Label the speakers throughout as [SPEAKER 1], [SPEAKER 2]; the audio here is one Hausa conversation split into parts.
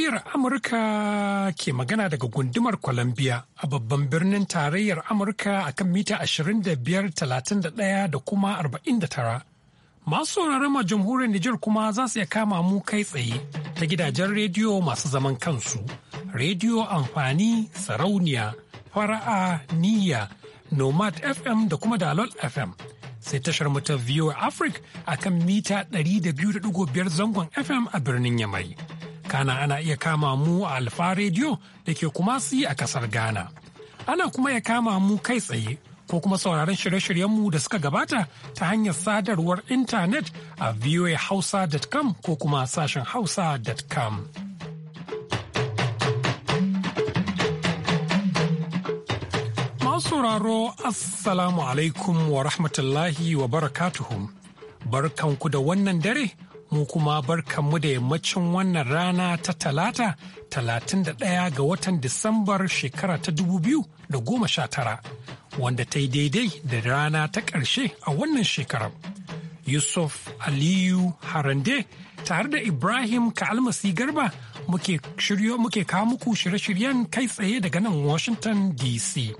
[SPEAKER 1] Muryar Amurka ke magana daga gundumar Columbia a babban birnin tarayyar Amurka a kan mita 25,31 da kuma 49. Masu sauraron ma jamhuriyar Nijar kuma za su iya kama mu kai tsaye ta gidajen rediyo masu zaman kansu, rediyo amfani sarauniya, fara'a niyya, nomad FM da kuma dalol FM. Sai tashar mu ta VOA Africa a kan mita 200.5 zangon FM a birnin Yamai. Kana ana iya kama mu a Alfa rediyo da ke Kumasi a kasar Ghana. Ana kuma ya kama mu kai tsaye ko kuma sauraron shirye-shiryenmu da suka gabata ta hanyar sadarwar intanet a voahausa.com ko kuma sashen hausa.com. sauraro assalamu alaikum wa rahmatullahi wa barakatuhu barkanku da wannan dare mu kuma bar kamu da yammacin wannan rana ta talata talatin da ɗaya ga watan disambar shekara ta dubu biyu da goma sha tara, wanda ta yi daidai da rana ta ƙarshe a wannan shekarar yusuf aliyu harande tare da ibrahim kalmasi garba muke muke kawo muku shirye-shiryen kai tsaye daga nan washington dc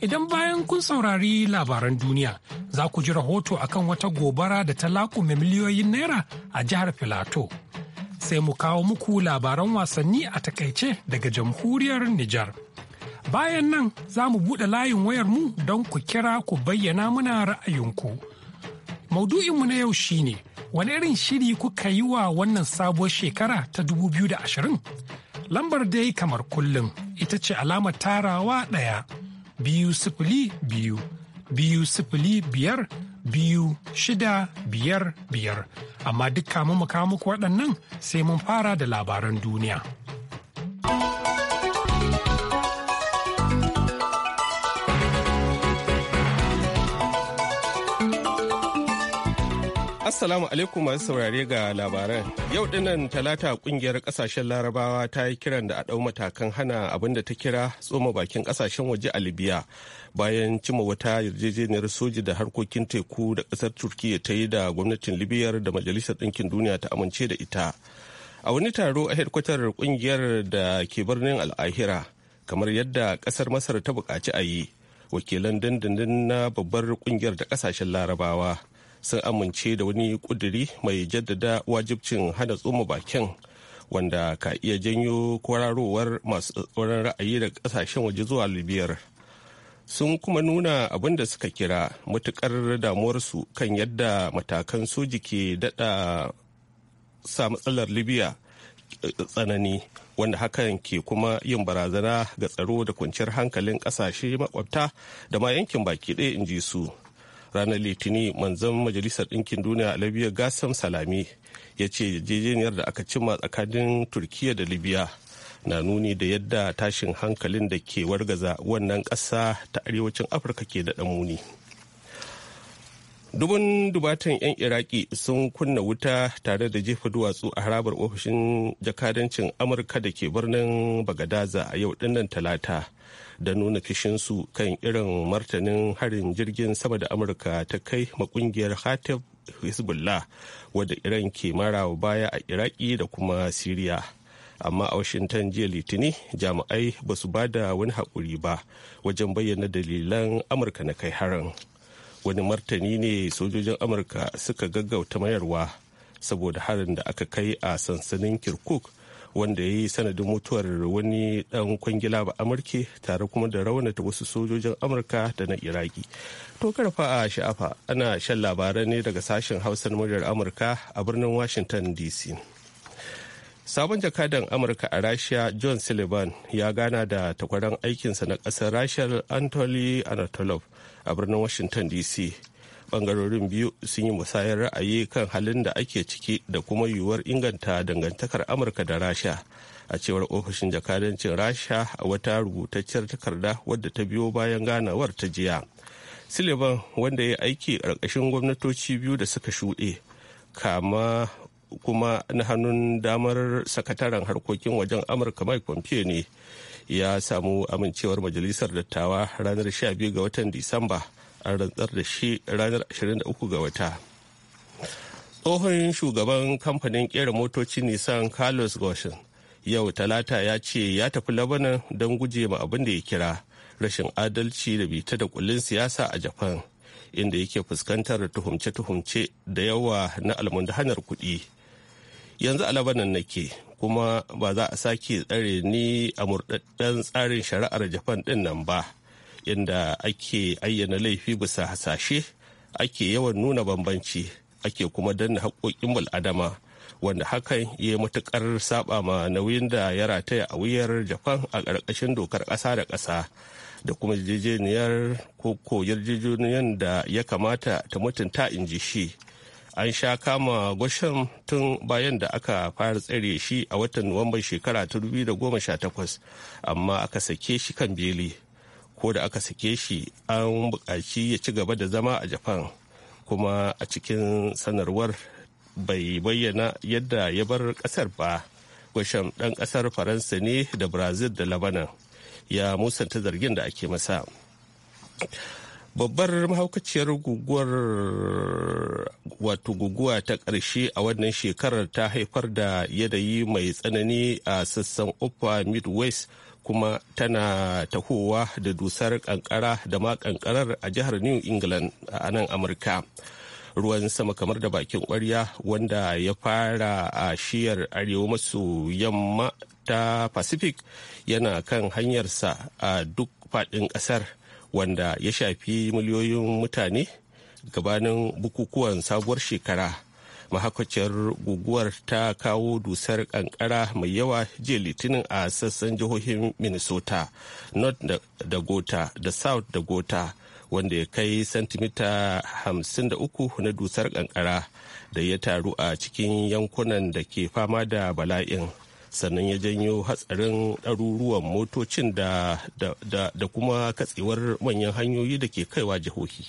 [SPEAKER 1] Idan bayan kun saurari labaran duniya, za ku ji rahoto akan wata gobara da ta lakume miliyoyin naira a jihar Filato. Sai mu kawo muku labaran wasanni a takaice daga jamhuriyar Nijar. Bayan nan za mu buɗe layin wayar mu don ku kira ku bayyana muna ra'ayinku. Maudu'inmu na yau shine wani irin shiri kuka yi wa wannan sabuwar shekara ta dubu biyu da ashirin? lambar dai kamar kullum ita ce alamar tarawa ɗaya biyu sifili biyu biyu sifili biyar biyu shida biyar biyar amma duk kamun mu muku waɗannan sai mun fara da labaran duniya.
[SPEAKER 2] Assalamu alaikum masu saurare ga labaran. Yau dinnan talata kungiyar kasashen larabawa ta yi kiran da a ɗau matakan hana abin da ta kira tsoma bakin kasashen waje a Libya bayan cima wata yarjejeniyar soji da harkokin teku da ƙasar Turkiyya ta yi da gwamnatin Libyar da Majalisar Ɗinkin Duniya ta amince da ita. A wani taro a hedkwatar kungiyar da ke birnin Al'ahira kamar yadda ƙasar Masar ta buƙaci a yi wakilan dandandan na babbar kungiyar da ƙasashen larabawa. sun amince da wani kuduri mai jaddada wajibcin hana tsoma bakin wanda ka iya janyo kwararowar masu tsoron ra'ayi daga kasashen waje zuwa libiyar sun kuma nuna abin da suka kira matukar damuwarsu kan yadda matakan soji ke dada sa matsalar libya tsanani wanda hakan ke kuma yin barazana ga tsaro da kwanciyar hankalin kasashe makwabta da ma yankin baki ɗaya in ji su ranar litini manzan majalisar ɗinkin duniya libya gasam salami ya ce yarjejeniyar da aka cimma tsakanin turkiya da libya na nuni da yadda tashin hankalin da ke wargaza wannan ƙasa ta arewacin afirka ke da muni dubun dubatan 'yan iraki sun kunna wuta tare da jefa duwatsu a harabar ofishin jakadancin amurka da ke birnin bagadaza a yau dinnan talata da nuna kishinsu kan irin martanin harin jirgin sama da amurka ta kai makungiyar hatif hezbollah wadda iran ke marawa baya a iraki da kuma siriya amma a washington jiya litini jami'ai ba su ba da wani haƙuri ba wajen bayyana dalilan amurka na kai harin wani martani ne sojojin amurka suka gaggauta mayarwa saboda harin da aka kai a sansanin kirkuk wanda ya yi sanadin mutuwar wani dan kwangila ba amurke tare kuma da raunata wasu sojojin amurka da na iraki to karfa a sha'afa ana shan labaran ne daga sashen hausar muryar amurka a birnin washington dc sabon jakadan amurka a rasha john sullivan ya gana da takwaran aikinsa na ƙasar rasha anthony anatolov a birnin washington dc bangarorin biyu sun yi musayar ra'ayi kan halin da ake ciki da kuma yiwuwar inganta dangantakar amurka da rasha a cewar ofishin jakadancin rasha a wata rubutacciyar takarda wadda ta biyo bayan ganawar ta jiya sullivan wanda ya aiki ƙarƙashin gwamnatoci biyu da suka shuɗe kama kuma na hannun damar sakataren harkokin wajen amurka mai pompeo ne ya samu amincewar majalisar dattawa ranar 12 ga watan disamba an rantsar da shi ranar 23 ga wata tsohon shugaban kamfanin kera motoci nisan carlos goshen yau talata ya ce ya tafi labanan don guje ma abin da ya kira rashin adalci da bita da kullun siyasa a japan inda yake fuskantar tuhumce-tuhumce da yawa na almundahanar kuɗi yanzu a labanan nake kuma ba za a sake tsare ni a murɗaɗɗen tsarin shari'ar japan ɗin nan ba inda ake ayyana laifi bisa hasashe ake yawan nuna bambanci ake kuma danna haƙoƙin bal'adama wanda hakan ya yi matuƙar saba ma nauyin da ya rataya a wuyar japan a ƙarƙashin dokar ƙasa da ƙasa da kuma jijiyar ko yarjejeniyar da ya kamata ta mutunta in ji shi an sha kama gwashan tun bayan da aka fara tsare shi a watan nuwamban shekara ta 2018 amma aka sake shi kan beli ko da aka sake shi an buƙaci ya ci gaba da zama a japan kuma a cikin sanarwar bai bayyana yadda ya bar ƙasar ba gwasham ɗan ƙasar faransa ne da brazil da labanan ya musanta zargin da ake masa babbar mahaukaciyar guguwar wato guguwa ta ƙarshe a wannan shekarar ta haifar da yanayi mai tsanani a sassan upper midwest kuma tana tahowa da dusar kankara da ma kankarar a jihar new england a nan amurka ruwan sama kamar da bakin kwarya wanda ya fara a shiyar arewa maso yamma ta pacific yana kan hanyarsa a duk fadin kasar wanda ya shafi miliyoyin mutane gabanin bukukuwan sabuwar shekara mahaukaciyar guguwar ta kawo dusar kankara mai yawa jiya litinin a sassan jihohin minnesota north da gota da south da gota wanda ya kai santimita 53 na dusar kankara da ya taru a cikin yankunan da ke fama da bala'in sannan ya janyo hatsarin ɗaruruwan motocin da kuma katsewar manyan hanyoyi da ke kaiwa jihohi.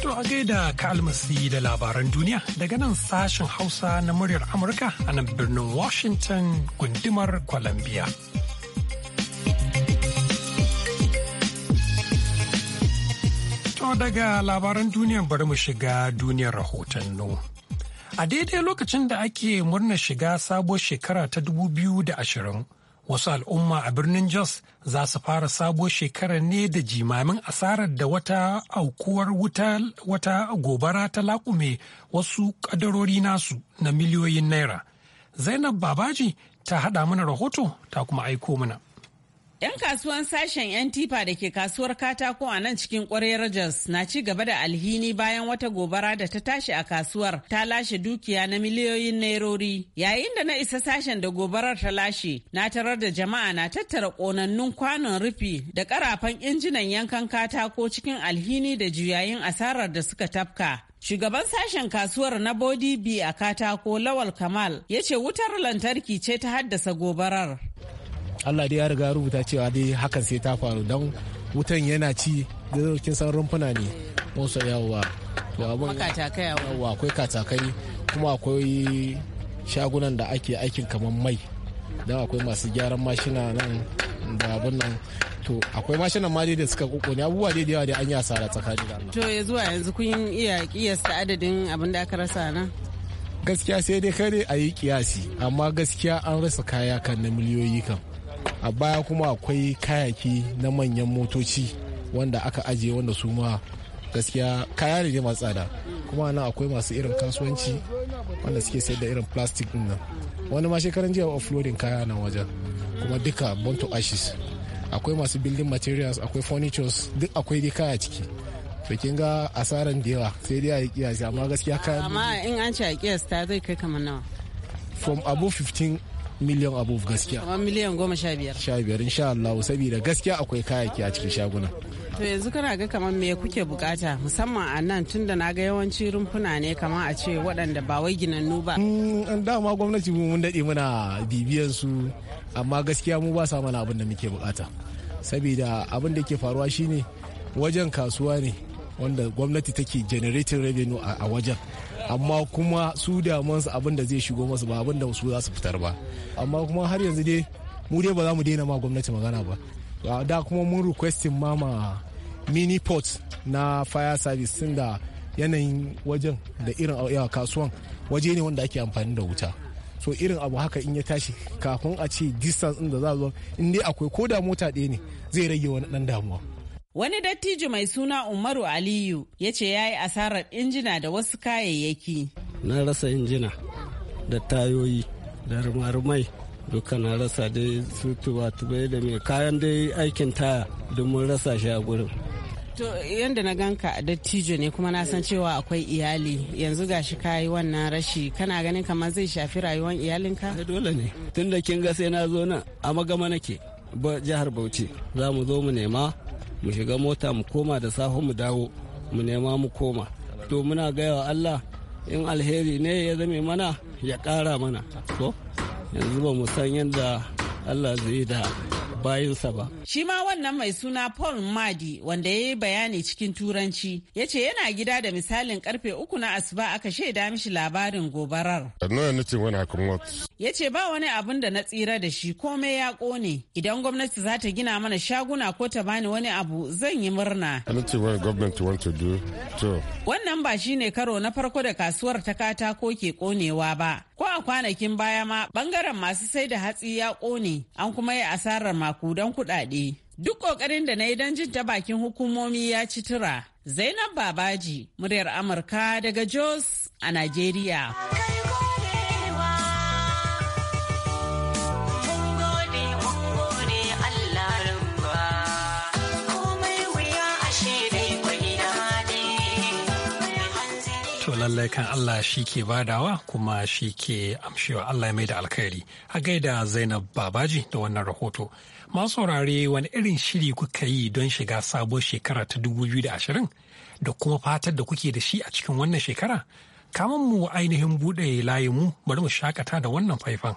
[SPEAKER 1] To a gaida ka almasi da labaran duniya daga nan sashen Hausa na muryar Amurka a nan birnin Washington gundumar Columbia. To daga labaran duniya bari mu shiga duniyar rahotanno, A daidai lokacin da ake murnar shiga sabuwar shekara ta 2020. wasu al'umma a birnin jos za su fara sabuwar shekara ne da jimamin asarar da wata aukuwar wuta wata gobara ta laƙume wasu ƙadarori nasu na miliyoyin naira zainab babaji ta haɗa mana rahoto ta kuma aiko mana
[SPEAKER 3] 'Yan kasuwan sashen 'yan tifa da ke kasuwar katako a nan cikin kwarai Jos na ci gaba da alhini bayan wata gobara da ta tashi a kasuwar ta lashe dukiya na miliyoyin nairori. Yayin da na isa sashen da gobarar ta lashe, na tarar da jama'a na tattara konannun kwanon rufi da karafan injinan yankan katako cikin alhini da juyayin asarar da suka tafka. Shugaban sashen kasuwar na Bodi bi a katako Lawal Kamal ya ce wutar lantarki ce ta haddasa gobarar.
[SPEAKER 4] Allah dai ya riga rubuta cewa dai hakan sai ta faru don wutan yana ci zaukin san rumfuna ne musu yawa yawa akwai katakai kuma akwai shagunan da ake aikin kamar mai don akwai masu gyaran mashina nan da abin nan to akwai mashinan ma dai da suka kokone abubuwa dai da yawa dai an yi asara tsakanin da
[SPEAKER 3] to ya zuwa yanzu kun iya kiyasta adadin abin da aka rasa nan
[SPEAKER 4] gaskiya sai dai kare a yi kiyasi amma gaskiya an rasa kaya kan na miliyoyi kan a baya kuma akwai kayaki na manyan motoci wanda aka ajiye wanda su ma gaskiya kaya ne masu tsada kuma nan akwai masu irin kasuwanci wanda suke sayar da irin plastic din nan wani ma shekaran jiya offloading kaya nan wajen kuma duka bonto ashes akwai masu building materials akwai furnitures duk akwai dai kaya ciki to kin ga asaran da yawa sai dai a yi kiyasi amma gaskiya kaya amma
[SPEAKER 3] in an ci a kiyasta zai kai kamar nawa
[SPEAKER 4] from abu 15 miliyan abu gaskiya
[SPEAKER 3] amma miliyan goma sha biyar
[SPEAKER 4] sha biyar insha Allah saboda gaskiya akwai kayaki a cikin shaguna
[SPEAKER 3] to yanzu kana ga kamar me kuke bukata musamman a nan tunda na ga yawanci rumfuna ne kamar a ce waɗanda ba wai nu ba an
[SPEAKER 4] mm, dama gwamnati mu mun dade muna bibiyan su amma gaskiya mu ba sa mana abin da muke bukata saboda abin da ke faruwa shine wajen kasuwa ne wanda gwamnati take generating revenue a wajen amma kuma su damansu abin da zai shigo masu ba abin da su za su fitar ba amma kuma har yanzu dai mu dai ba za mu daina ma gwamnati magana ba da kuma mun requesting ma ma mini port na fire service sun da yanayin wajen da irin yawa kasuwan waje ne wanda ake amfani da wuta so irin abu haka in ya tashi kafin a ce distance din da za zo in dai akwai ko da mota ɗaya ne zai rage wani ɗan damuwa
[SPEAKER 3] Wani dattijo mai suna Umaru Aliyu ya ce ya yi asarar injina da wasu kayayyaki.
[SPEAKER 2] Na rasa injina da tayoyi da rumarumai duka na rasa dai su tuba-tubai da mai kayan dai aikin taya duk mun rasa shi a gurin.
[SPEAKER 3] To yadda na ganka dattijo ne kuma na san cewa akwai iyali yanzu gashi ka yi wannan rashi kana ganin kamar zai shafi rayuwar iyalinka? Dole ne tun da kin ga sai na
[SPEAKER 5] zo nan a magama nake jihar Bauchi za mu zo mu nema mu shiga mota mu koma da safe mu dawo mu nema mu koma to muna gaya wa Allah in alheri ne ya zame mana ya ƙara mana to yanzu ba mu san yadda
[SPEAKER 4] Allah zai da bayansa ba.
[SPEAKER 3] Shi ma wannan mai suna Paul Madi wanda ya yi bayani cikin turanci ya ce yana gida da misalin karfe uku na asuba aka shaida mishi labarin gobarar. Ya ce ba wani abin da na tsira da shi komai ya kone idan gwamnati za ta gina mana shaguna ko ta bani wani abu zan yi murna. Wannan ba shi ne karo na farko da kasuwar ta katako ke konewa ba. Ko a kwanakin baya ma bangaren masu sai da hatsi ya ƙone an kuma yi asarar makudan kuɗaɗe. Duk ƙoƙarin da na yi don jin ta bakin hukumomi ya ci tura. Zainab Babaji, muryar Amurka daga Jos a Najeriya.
[SPEAKER 1] lallai kan Allah shi ke badawa kuma shi ke amshewa Allah ya mai da alkhairi. A gaida Zainab Babaji da wannan rahoto. Masu wurare wani irin shiri kuka yi don shiga sabuwar shekara ta 2020 da kuma fatar da kuke da shi a cikin wannan shekara? Kaman mu ainihin buɗe layinmu bari mu shakata da wannan faifan.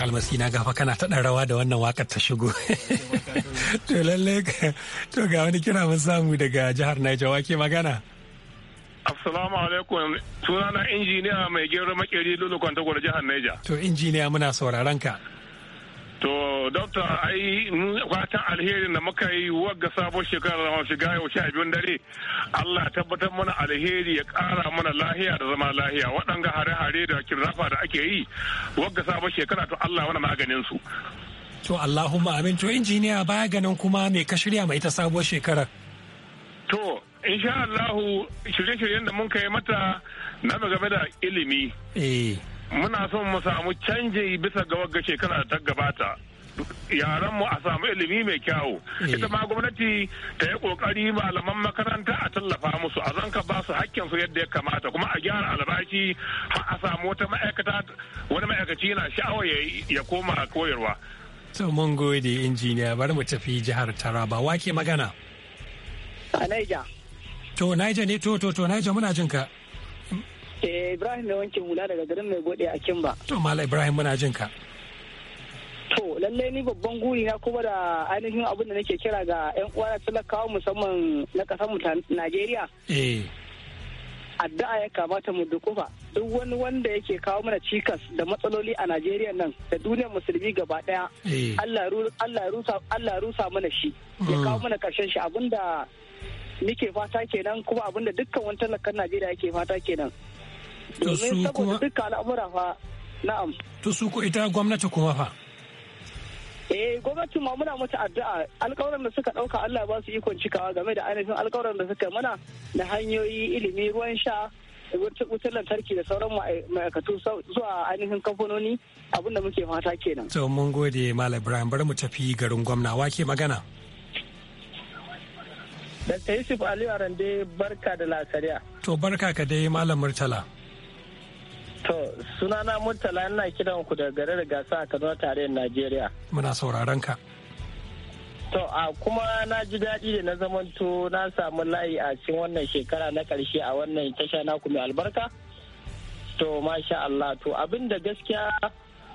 [SPEAKER 1] almasi na gafa kana ta dan rawa da wannan wakar ta shigo to lalle to ga wani kira mun samu daga jihar Niger wake magana
[SPEAKER 6] Assalamu alaikum sunana injiniya mai gero makeri lulu kwanta jihar Niger
[SPEAKER 1] to injiniya muna sauraron ka
[SPEAKER 6] To, Dokta, ai, fatan alherin da muka yi wagga sabon shekarar zama shiga yau sha biyun dare, Allah tabbatar mana alheri ya ƙara mana lahiya da zama lahiya. Waɗanga hare-hare da kirrafa da ake yi, wagga sabon shekara to Allah wani maganin su.
[SPEAKER 1] To, Allahumma amin. To, injiniya baya ganin kuma me ka shirya mai ita sabuwar shekarar?
[SPEAKER 6] To, sha Allahu shirye-shiryen da mun kai mata na game da ilimi. Eh. muna son mu samu canji bisa ga wagga shekara da ta gabata yaran mu a samu ilimi mai kyawu eh. ita ma gwamnati ta yi kokari malaman makaranta a tallafa musu a zanka ba su hakkin su yadda ya kamata kuma a gyara albashi a samu wata ma'aikata wani ma'aikaci na sha'awa ya koma koyarwa
[SPEAKER 1] to mun gode injiniya bari mu tafi jihar taraba wake magana a naija to naija ne to to to naija muna jin ka
[SPEAKER 5] Eh, Ibrahim mai wanke hula daga garin
[SPEAKER 1] mai gode a Kimba. To Mala Ibrahim muna jin ka.
[SPEAKER 5] To lalle ni babban guri na kuma da ainihin abin da nake kira ga 'yan uwa talakawa musamman na kasar mu Najeriya. Eh. addu'a ya kamata mu dukufa duk wani wanda yake kawo mana cikas da matsaloli a Najeriya nan da duniyar musulmi gaba daya eh. Allah rusa mana shi ya mm. kawo mana karshen shi abinda nike fata kenan kuma abinda dukkan wani talakan Najeriya yake fata kenan to su
[SPEAKER 1] kuma ita gwamnati kuma fa
[SPEAKER 5] Eh gwamnati ma muna mata addu'a alƙawarin da suka ɗauka Allah ba su ikon cikawa game da ainihin alƙawarin da suka mana na hanyoyi ilimi ruwan sha wutar lantarki da sauran ma'aikatu zuwa ainihin kamfanoni abin da muke fata kenan.
[SPEAKER 1] To mun gode Malam Ibrahim bari mu tafi garin gwamna wake magana.
[SPEAKER 5] Dr. Yusuf Aliyu Arande barka da lasariya.
[SPEAKER 1] To barka ka dai Malam Murtala.
[SPEAKER 5] To sunana Murtala ina kiran ku daga garin gasa a tare tarayyar Najeriya.
[SPEAKER 1] Muna sauraron ka.
[SPEAKER 5] To a kuma na ji daɗi da na zamanto na samu layi a cikin wannan shekara na ƙarshe a wannan tasha na mai albarka. To masha Allah to abin da gaskiya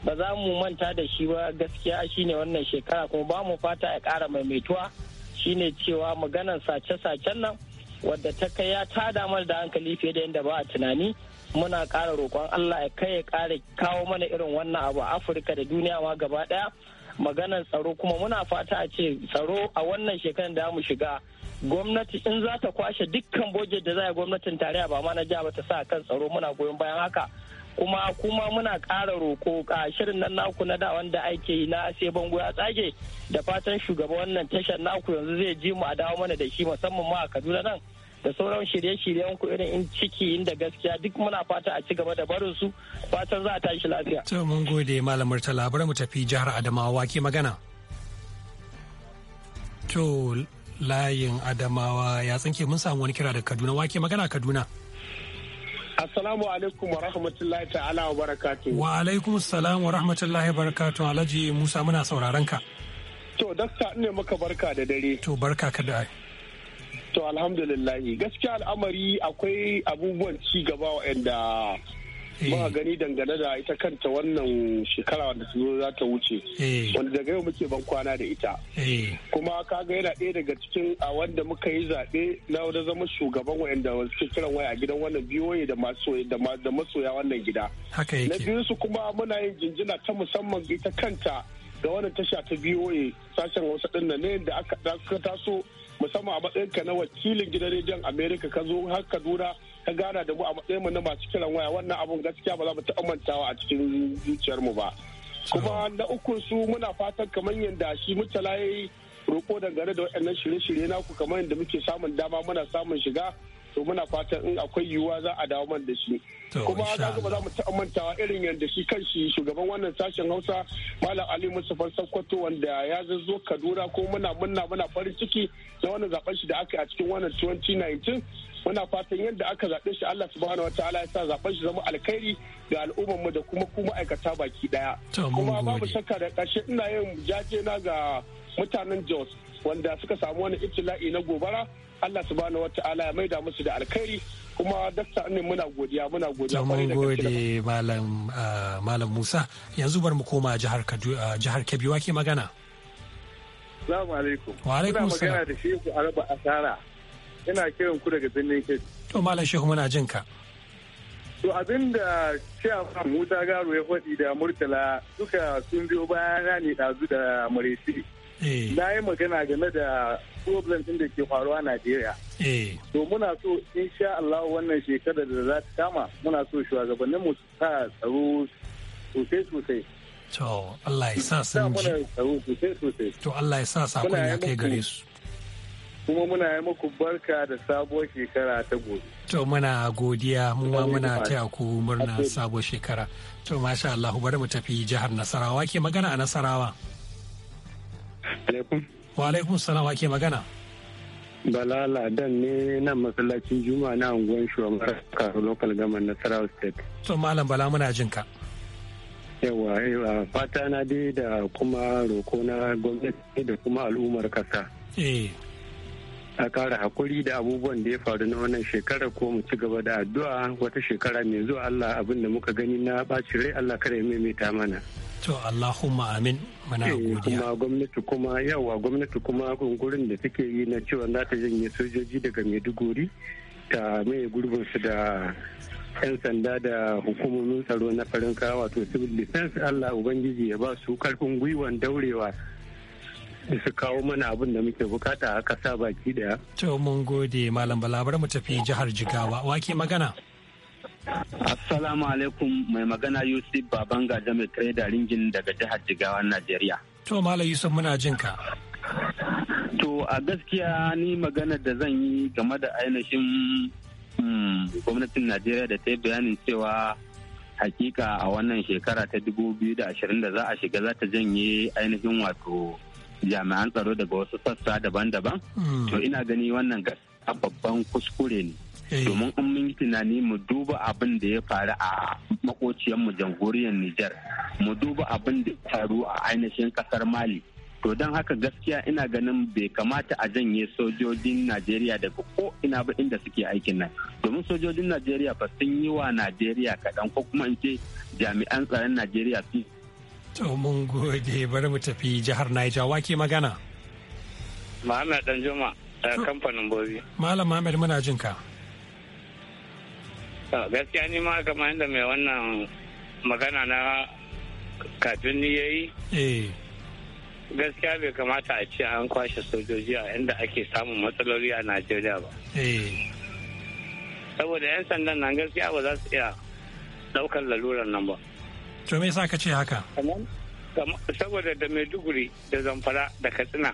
[SPEAKER 5] ba za mu manta da shi ba gaskiya shine wannan shekara kuma ba mu fata ya ƙara maimaituwa shine cewa maganar sace-sacen nan wadda ta kai ya tada mar da hankali fiye da yadda ba a tunani muna kara roƙon Allah ya kai ya ƙara kawo mana irin wannan abu a Afirka da duniya ma gaba ɗaya maganar tsaro kuma muna fata a ce tsaro a wannan shekarar da mu shiga gwamnati in za ta kwashe dukkan bojet da za a gwamnatin tarayya ba ma na jiha ba ta sa kan tsaro muna goyon bayan haka kuma kuma muna kara roko a shirin nan naku na da wanda ake yi na sai bango ya tsage da fatan shugaban wannan tashar naku yanzu zai ji mu a dawo mana da shi musamman ma a Kaduna nan da sauran shirye-shiryen kudin in ciki inda gaskiya duk muna fata a ci gaba da barin su
[SPEAKER 1] fatan za a tashi lafiya. To mun gode malamar Murtala, bari mu tafi jihar Adamawa ke magana. To layin Adamawa ya tsinke mun samu wani kira da Kaduna wake magana Kaduna. Assalamu
[SPEAKER 7] alaikum wa rahmatullahi ta'ala wa barakatu.
[SPEAKER 1] Wa alaikum salam wa rahmatullahi wa barakatu Alhaji Musa muna sauraron ka. To dakta ne maka barka da dare. To barka ka da
[SPEAKER 7] To alhamdulillahi gaskiya al'amari akwai abubuwan ci gaba wa'anda eh. muka gani dangane da ita kanta wannan shekara wanda su za ta wuce eh. wanda daga yau muke ban kwana da ita eh. kuma kaga yana ɗaya daga cikin a wanda muka yi zaɓe na wanda zama shugaban wa'anda suke kiran waya a gidan wannan biyoyi da da masoya wannan gida na biyu su kuma muna yin jinjina ta musamman ita kanta ga wannan tasha ta biyoyi sashen wasu ɗin na ne da aka taso musamman a matsayinka na wakilin gidan rediyon amerika ka zo har kaduna ka gana da mu a matsayin mu na masu kiran waya wannan abun gaskiya ba za mu taɓa mantawa a cikin zuciyarmu ba kuma na uku su muna fatan kamar yadda shi mutala ya yi roƙo dangane da waɗannan shirye-shirye naku kamar yadda muke samun dama muna samun shiga to muna fatan in akwai yiwuwa za a dawo man da shi kuma za ba za mu taɓa mantawa irin yadda shi kan shi shugaban wannan sashen hausa malam ali mustapha sakkwato wanda ya zazzo kaduna ko muna muna muna farin ciki da wannan zaben shi da aka yi a cikin wannan 2019 muna fatan yadda aka zaɓe shi Allah subhanahu wataala ya sa zaɓen shi zama alkhairi ga al'ummar mu da kuma kuma aikata baki daya kuma babu shakka da ƙarshe ina yin jaje na ga mutanen Jos wanda suka samu wani itila'i na gobara Allah subhanahu ta'ala ya maida musu da alkhairi kuma dakta ne muna godiya
[SPEAKER 1] muna godiya mun gode malam ah, malam Musa yanzu bar mu koma jihar ah, jihar Kebbi wake magana
[SPEAKER 7] Assalamu alaikum Wa alaikum salam magana da Sheikh Araba Asara ina kiran ku daga birnin Kebbi
[SPEAKER 1] To malam Sheikh muna jin ka
[SPEAKER 7] To abinda Sheikh Musa Garo ya faɗi da Murtala duka sun biyo bayana ne ɗazu da Muresi. Eh. Na yi magana game da problem din da ke faruwa Najeriya. Eh. To muna so in sha Allah wannan shekarar da za ta kama muna so shugabannin mu su sa tsaro
[SPEAKER 1] sosai sosai. To Allah ya sa sun ji. To Allah ya sa sakon ya kai gare su.
[SPEAKER 6] kuma muna yi muku barka da sabuwar shekara ta gobe.
[SPEAKER 1] To muna godiya mu ma muna taya ku murna sabuwar shekara. To masha Allah bari mu tafi jihar Nasarawa ke magana a Nasarawa. Alaikum. wa alaikum salam ake magana
[SPEAKER 7] bala ladan ne nan masallacin juma na unguwan shugabar karo local na nasarawa state
[SPEAKER 1] to malam bala muna jin ka
[SPEAKER 7] yawa yawa fata na dai da kuma roko na gwamnati da kuma al'ummar kasa eh a kara hakuri da abubuwan da ya faru na wannan shekara ko mu ci gaba da addu'a wata shekara mai zuwa Allah abin da muka gani na ɓaci rai Allah kare maimaita mana.
[SPEAKER 1] To Allahumma amin muna eh, godiya. Kuma gwamnati
[SPEAKER 7] kuma yawa gwamnati kuma gungurin da take yi na cewa za ta janye sojoji daga Maiduguri ta mai gurbin su da 'yan sanda da hukumomin tsaro na farin kawa wato civil defense Allah Ubangiji ya ba su karfin gwiwan daurewa su kawo mana abin da muke bukata a kasa baki daya.
[SPEAKER 1] To mun gode Malam Bala bari mu tafi jihar Jigawa. Wake magana? Assalamu alaikum mai magana
[SPEAKER 7] Yusuf Babanga Jami da Ringin daga jihar Jigawa Najeriya.
[SPEAKER 1] To Malam Yusuf muna jinka.
[SPEAKER 7] To a gaskiya ni magana da zan yi game da ainihin mm, gwamnatin Najeriya da ta yi bayanin cewa hakika a wannan shekara ta 2020 da za a shiga za ta janye ainihin wato
[SPEAKER 2] jami'an tsaro daga wasu sassa daban-daban hmm. to ina gani wannan a babban
[SPEAKER 7] kuskure ne eh. domin in mun tunani mu duba abin da ya faru a makociyanmu jamhuriyar Nijar mu duba abin da ya faru a ainihin kasar Mali to don haka gaskiya ina ganin bai kamata a janye sojojin Najeriya daga ko ina ba inda
[SPEAKER 1] suke aikin nan
[SPEAKER 7] domin sojojin Najeriya ba sun yi wa Najeriya kaɗan ko kuma in ce
[SPEAKER 5] jami'an tsaron Najeriya sun
[SPEAKER 1] To mun gode bari mu tafi jihar Niger wake magana.
[SPEAKER 5] Muhammad Dan Juma daga kamfanin Bobi.
[SPEAKER 1] Malam Muhammad muna jin ka.
[SPEAKER 5] Gaskiya ni ma kamar yadda mai wannan magana na kafin ni yayi. Eh. Gaskiya bai kamata a ce an kwashe sojoji a inda ake samun matsaloli a Najeriya ba. Eh. Saboda 'yan sandan nan gaskiya ba za su iya ɗaukar laluran nan ba.
[SPEAKER 1] to me yasa ka ce haka
[SPEAKER 5] saboda da maiduguri da zamfara da katsina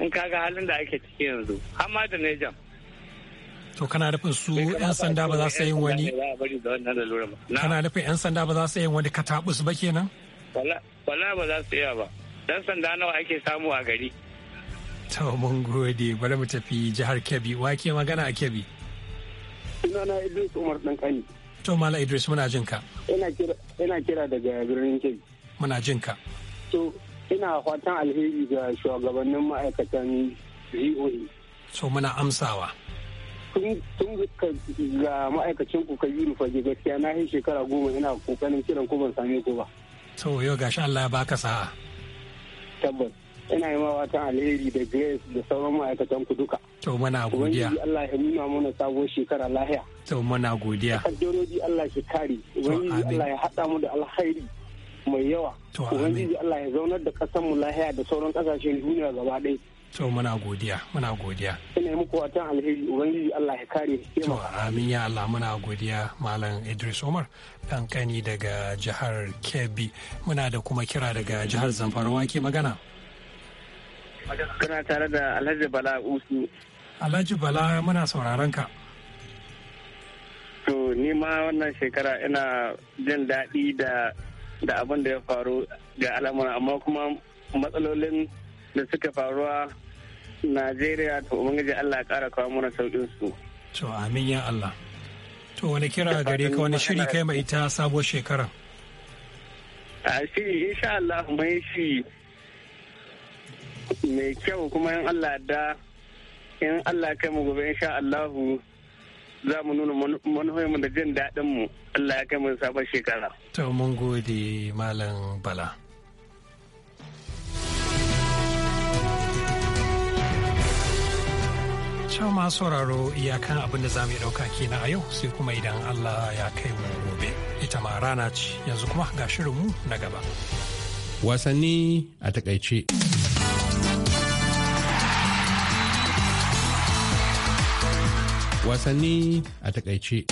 [SPEAKER 5] in kaga halin da ake ciki yanzu amma da nejan
[SPEAKER 1] to kana nufin su yan sanda ba za su yin wani kana nufin yan sanda ba za su yin wani katabus ba kenan
[SPEAKER 5] wala ba za su iya ba dan sanda nawa ake samu a gari
[SPEAKER 1] to mun gode bari mu tafi jihar kebbi wa ke magana a kebbi
[SPEAKER 7] sunana idris umar dankani
[SPEAKER 1] To Mala Idris muna jin ka.
[SPEAKER 7] Ina kira daga birnin Kebbi. Muna jin ka. To ina fatan alheri ga shugabannin ma'aikatan VOA.
[SPEAKER 1] So muna amsawa.
[SPEAKER 7] Tun ga ma'aikacin ku ka yuni fage gaskiya na yin shekara goma ina kokarin kiran ku ban same ku ba.
[SPEAKER 1] To yau gashi Allah ya baka sa'a. Tabbas
[SPEAKER 7] ina yi ma fatan alheri da Grace da sauran ma'aikatan ku duka. To mana godiya. Ubangiji Allah ya nuna mana
[SPEAKER 1] sabuwar
[SPEAKER 5] shekara lahiya.
[SPEAKER 1] To mana godiya.
[SPEAKER 5] Kaddarodi Allah ya kare.
[SPEAKER 1] Ubangiji Allah ya
[SPEAKER 5] haɗa mu da alkhairi mai yawa. To Ubangiji Allah ya zaunar da ƙasar mu lahiya da sauran ƙasashen
[SPEAKER 1] duniya gaba ɗaya. To muna godiya, muna godiya.
[SPEAKER 5] Ina yi muku watan alheri Ubangiji Allah ya
[SPEAKER 1] kare. To amin ya Allah muna godiya Malam Idris Umar ɗan kani daga jihar Kebbi. Muna da kuma kira daga jihar Zamfara ke magana.
[SPEAKER 5] Kana tare da Alhaji Bala Usu
[SPEAKER 1] Alhaji Bala muna sauraron ka.
[SPEAKER 5] To ni ma wannan shekara ina jin daɗi da da abin da ya faru ga al'amura amma kuma matsalolin da suka faruwa Najeriya to Ubangiji Allah ya ƙara kawo mana sauƙin su.
[SPEAKER 1] To amin ya Allah. To wani kira gare ka wani shiri kai mai ita sabuwar shekara?
[SPEAKER 5] A shi insha Allah mai shi mai kyau kuma in Allah da in Allah ya kai mu gobe insha Allahu za mu nuna mu da jin daɗin mu. Allah ya kai mu sabon shekara.
[SPEAKER 1] To mun gode Malam Bala. Can ma sauraro iyakan abin da za mu ɗauka kenan a yau sai kuma idan Allah ya kai mu gobe. Ita ma rana ce yanzu kuma ga shirinmu na gaba.
[SPEAKER 2] Wasanni a takaice. wasanni a takaice.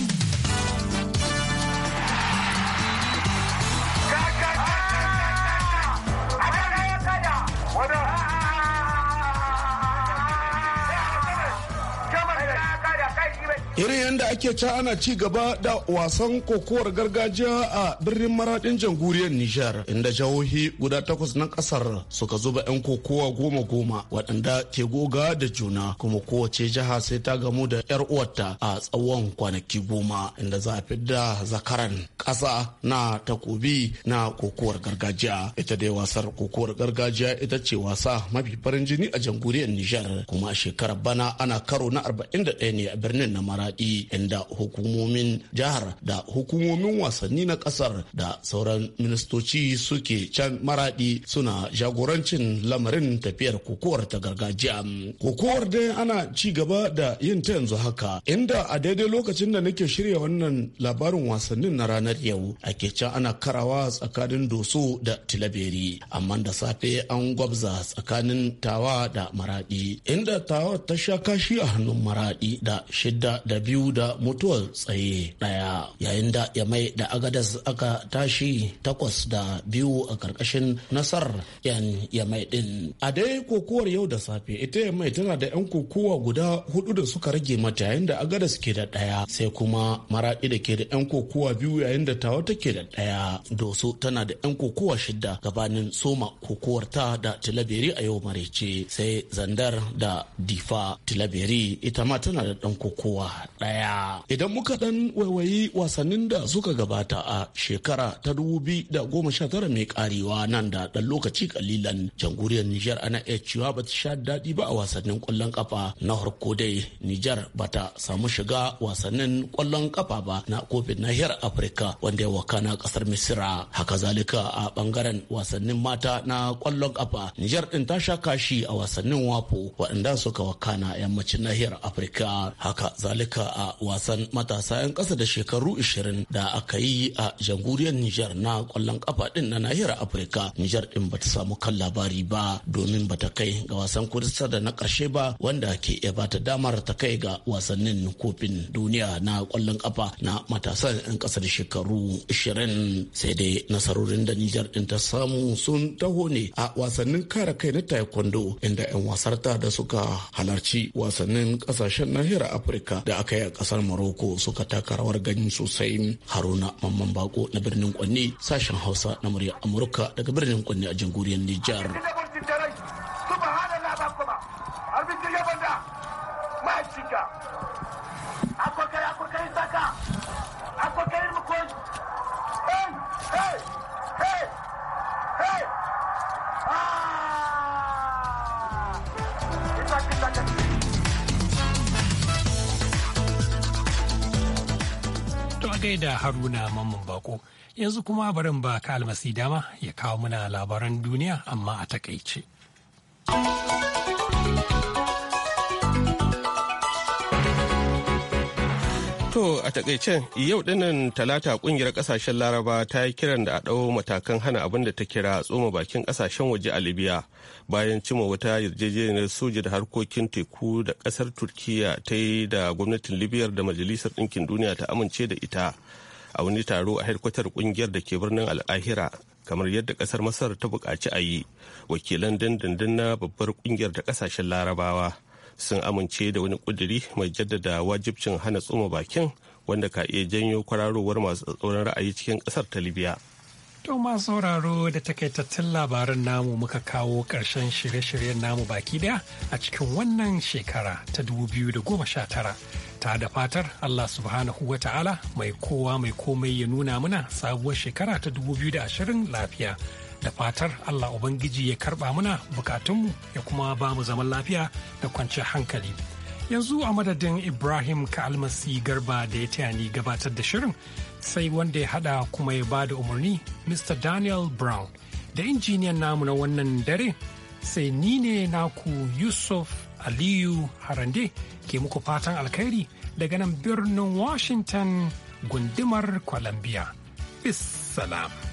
[SPEAKER 7] ake ca ana ci gaba da wasan kokowar gargajiya a birnin
[SPEAKER 8] maradin jamhuriyar Nijar inda jihohi guda takwas na kasar suka zuba 'yan kokowa goma goma waɗanda ke goga da juna kuma kowace jiha sai ta gamu da 'yar uwarta a tsawon kwanaki goma inda za a fidda zakaran ƙasa na takobi na kokowar gargajiya ita dai wasar kokowar gargajiya ita ce wasa mafi farin jini a jamhuriyar Nijar kuma a shekarar bana ana karo na arba'in da ɗaya ne a birnin na Maradi inda da hukumomin jihar da hukumomin wasanni na kasar da sauran ministoci suke can maradi suna jagorancin lamarin tafiyar kokowar ta gargajiya kokowar dai ana ci gaba da yin ta yanzu haka inda a daidai lokacin da nake shirya wannan labarin wasannin na ranar yau ake can ana karawa tsakanin doso da tilaberi amma da safe an gwabza tsakanin tawa da maradi inda tawa ta sha kashi a hannun maradi da shidda da biyu da mutuwar tsaye daya yayin da ya mai da agadas aka tashi takwas da biyu a karkashin nasar yan ya mai din a dai kokowar yau da safe ita ya mai tana da yan kokowa guda hudu da suka rage mata yayin da agadas ke da daya sai kuma maraɗi da ke da yan kokowa biyu yayin da tawa take da daya doso tana da yan kokowa shida gabanin soma kokowar ta da tilaberi a yau marece sai zandar da difa tilaberi ita ma tana da ɗan kokowa daya Idan muka dan waiwayi wasannin da suka gabata a shekara ta tara mai karewa nan da ɗan lokaci kalilan jamhuriyar Nijar ana iya cewa ba ta sha daɗi ba a wasannin kwallon ƙafa na harko dai Nijar ba ta samu shiga wasannin ƙwallon ƙafa ba na kofin nahiyar Afirka wanda ya wakana ƙasar Misira. Haka zalika a ɓangaren wasannin mata na ƙwallon ƙafa Nijar ɗin ta sha kashi a wasannin WAPO waɗanda suka wakana yammacin nahiyar Afirka. Haka zalika a wasan matasa 'yan ƙasa da shekaru 20 da aka yi a jamhuriyar Nijar na ƙwallon ƙafa ɗin na nahiyar Afirka. Nijar ɗin bata samu kan labari ba domin bata kai ga wasan kudistar da na ƙarshe ba wanda ke iya bata damar ta kai ga wasannin kofin duniya na ƙwallon ƙafa na matasan 'yan ƙasa da shekaru 20 sai dai nasarorin da Nijar ɗin ta samu sun taho ne a wasannin kare kai na taekwondo inda 'yan wasarta da suka halarci wasannin ƙasashen nahiyar Afirka da aka yi a ƙasar morocco suka taka rawar gani sosai haruna mamman bako na birnin kwanne sashen hausa na murya amurka daga birnin kwanne a jamhuriyar nijar
[SPEAKER 1] da Haruna Mamman Bako. Yanzu kuma barin ba ka almasi dama ya kawo muna labaran duniya amma a takaice.
[SPEAKER 2] To a takaice yau dinnan talata kungiyar kasashen laraba ta yi kiran da a ɗau matakan hana abin da ta kira tsoma bakin kasashen waje a libya bayan cimo wata yarjejeniyar soja da harkokin teku da kasar turkiya ta yi da gwamnatin libyar da majalisar ɗinkin duniya ta amince da ita a wani taro a hedkwatar kungiyar da ke birnin al'ahira kamar yadda kasar masar ta buƙaci a yi wakilan dindindin na babbar kungiyar da kasashen larabawa sun amince da wani kuduri mai jaddada wajibcin hana tsoma bakin wanda ka iya janyo kwararowar masu tsatsauran ra'ayi cikin kasar ta libya
[SPEAKER 1] to masu sauraro da takaitattun labaran namu muka kawo ƙarshen shirye-shiryen namu baki daya a cikin wannan shekara ta 2019 ta da fatar allah subhanahu wa ta'ala mai kowa mai komai ya nuna muna sabuwar shekara ta 2020 lafiya da fatar Allah Ubangiji ya karba muna bukatunmu ya kuma ba mu zaman lafiya da kwanciyar hankali. Yanzu a madadin Ibrahim Kalmasi Garba da ya taya ni gabatar da shirin sai wanda ya hada kuma ya ba da umarni Mr. Daniel Brown da injiniyan namu na wannan dare sai ni ne naku Yusuf Aliyu Harande ke muku fatan alkhairi daga nan birnin Washington gundumar Columbia. Bis salam.